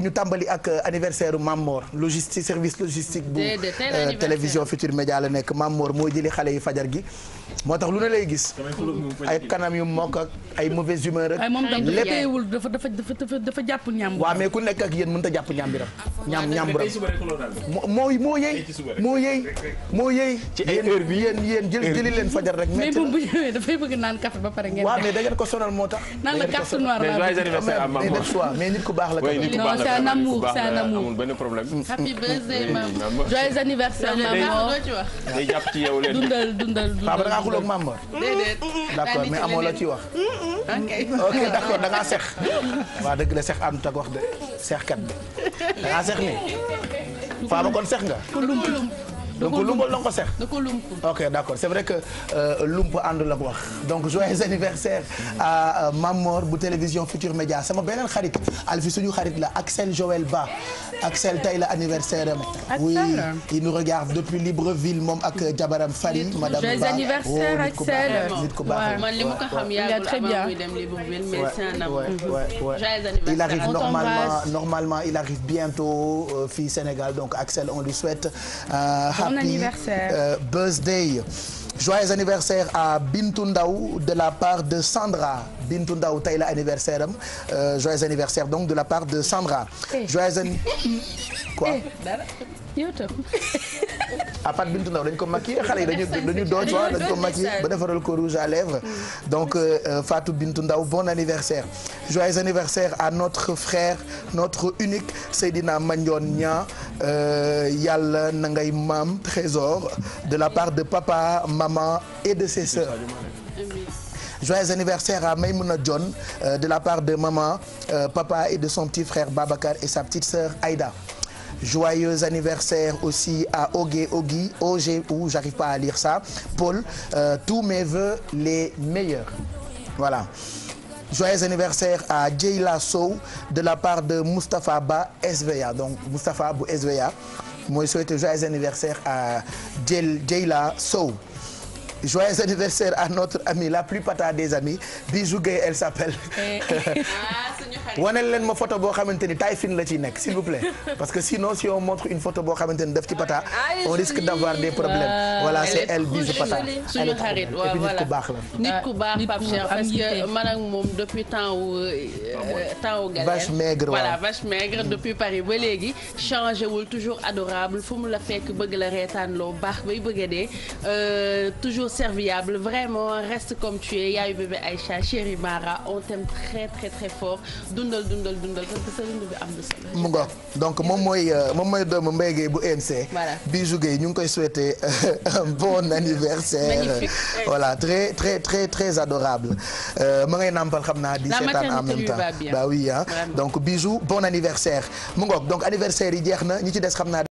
ñu tàmbali ak euh, anniversaire Mamor logistique service logistique bu euh, télévision Futur Média la nekk Mamor moo jëli xale yi fajar gi moo tax lu ne lay gis ay kanam yu mokk ak ay mauvaise humeur rek lépp dafa dafa dafa dafa jàpp ñaam waaw mais ku nekk ak yéen mënut a jàpp ñaam bi ñaam moo moo yey moo yey moo yey ci bi yéen yéen jël jëli leen fajar rek mais bu ñëwee dafay ba pare ngeen waaw mais da ngeen ko sonal moo tax naan la carte noire la mais nit ku baax la c'est un amour c'est un amour amul benn problème. happy birthday maman. joyeux anniversaire maman. day jàpp ci yow leen. dundal dundal dundal. papa da ngaa xulóog maman. déedéet. d'accord mais amoo la ci wax. ok ok d'accord da ngaa seq. waa dëgg la seq àndut ak wax de seqkat bi da ngaa seq nii. faaba kon seq nga. donc lumpal la nga ko seq. da ko lumpal ok d' accord euh, lump àndul ak wax. donc joyeux anniversaire à euh, Mamor bu télévision Futur Média sama beneen xarit Alfi suñu xarit la Axel Joël Ba Axel tey anniversaire oui il nous regarde depuis Libreville moom ak euh, jabaram Farid. madame Ba joyeux anniversaire Axel. Oh, nit ku baax man li mu ko xam yàggul avant muy dem Libreville mais c'est fii Sénégal donc Axel on lui souhaite. bon anniversaire euh, birthday joyeux anniversaire à Bintou Ndaw de la part de Sandra Bintou Ndaw tey la anniversaire am euh, joyeux anniversaire donc de la part de Sandra. Eh. joyeux an quoi. Eh, à part Bintou Ndaw dañ ko maquillé xale yi dañu dañu doon quoi dañ ko maquillé ba defaral ko rouge à lèvres hmm. donc euh, euh, Fatou Bintou Ndaw bon anniversaire joyeux anniversaire à notre frère notre unique Seydina Mandione Nia yàlla na ngay trésor de la part de papa maman et de ses sœurs joyeux anniversaire à Maïmouna John euh, de la part de maman euh, papa et de son petit frère Babacar et sa petite sœur Aïda joyeux anniversaire à Ogé Ogui OG ou j'arrive pas à lire ça Paul euh, tous mes vœux les meilleurs voilà joyeux anniversaire à Djeila Sow de la part de Moustapha Ba SVA donc Moustapha bu SVA mooy souhaiter joyeux anniversaire à Djeila Sow joyeux anniversaire à notre amie la plus pata des amies Bijou Gueye elle s'appelle eh. waneel leen ma photo boo xamante ni taille fine la ci nekk s'il vous plaît parce que sinon si on montre une photo boo xamante ni daf ci pata ah, on risque d'avoir des problèmes voilà c'est elle Bijou pata suñu xarit waaw baax la nit ku baax moom depuis temps wu euh, euh, temps wu vache maigre voilà vache maigre mm. depuis Paris ba léegi changé wul toujours adorable fu mu la fekk bëgg la reetaan loo baax bay bëgg a dee euh, toujours serviable vraiment reste comme tu es yaayu bébé Aïcha chérie Mara on t'aime très très fort dundal dundal dundal donc moom mooy euh, moom mooy doomu Mbaye Gueye bu ENC. Bijou Gueye ñu ngi koy souhaiter euh, un bon anniversaire. magnifique très très très très adorable. Euh, ma ngay nampal xam naa di seetaan a même temps bah oui hein donc Bijou bon anniversaire mu donc anniversaire yi jeex na ñi ci des xam naa.